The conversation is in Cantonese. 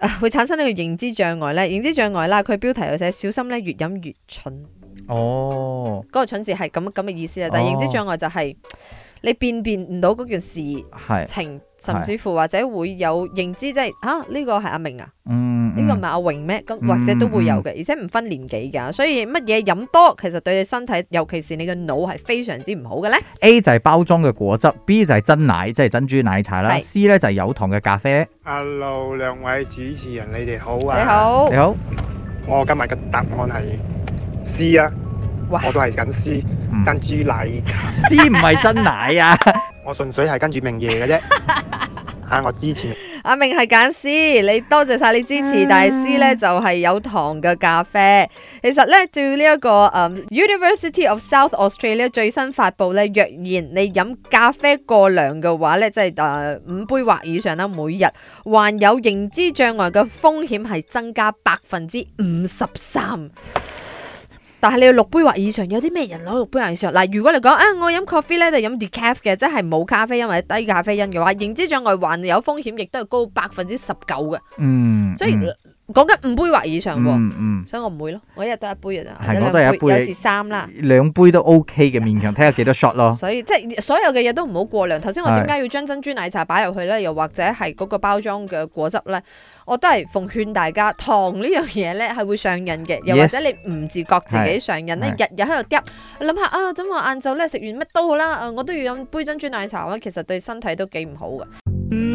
啊，會產生呢個認知障礙咧。認知障礙啦，佢標題有寫小心咧，越飲越蠢。哦，嗰個蠢字係咁咁嘅意思啦。哦、但係認知障礙就係、是、你辨別唔到嗰件事是情，甚至乎或者會有認知即係是啊，呢、呢個係阿明啊。嗯。呢個唔係阿榮咩？咁或者都會有嘅，而且唔分年紀嘅，所以乜嘢飲多其實對你身體，尤其是你嘅腦係非常之唔好嘅咧。A 就係包裝嘅果汁，B 就係真奶，即係珍珠奶茶啦。C 咧就係有糖嘅咖啡。Hello，兩位主持人你哋好啊。你好，你好。我今日嘅答案係 C 啊。哇。我都係揀 C，珍珠奶茶。C 唔係真奶啊？我純粹係跟住明爺嘅啫。吓，我支持。阿明係揀 C，你多謝晒你支持。嗯、大師呢就係、是、有糖嘅咖啡。其實呢，據呢一個、um, University of South Australia 最新發布呢，若然你飲咖啡過量嘅話呢，即係誒五杯或以上啦，每日患有認知障礙嘅風險係增加百分之五十三。但係，你要六杯或以上，有啲咩人攞六杯或以上嗱、啊？如果你講，啊我飲 coffee 咧就飲 decaf 嘅，即係冇咖啡因或者低咖啡因嘅話，認知障礙患有，有風險亦都係高百分之十九嘅。嗯，所以。嗯講緊五杯或以上喎，嗯嗯、所以我唔會咯，我一日得一杯咋。係，我都一杯，有，杯有，一杯有時三啦，兩杯都 OK 嘅，勉強睇下幾多 shot 咯。所以即係所有嘅嘢都唔好過量。頭先我點解要將珍珠奶茶擺入去咧？又或者係嗰個包裝嘅果汁咧？我都係奉勸大家，糖呢樣嘢咧係會上癮嘅，又或者你唔自覺自己上癮咧，日日喺度嗒，諗下啊，咁我晏晝咧食完乜都好啦，我都要飲杯珍珠奶茶啦，其實對身體都幾唔好嘅。嗯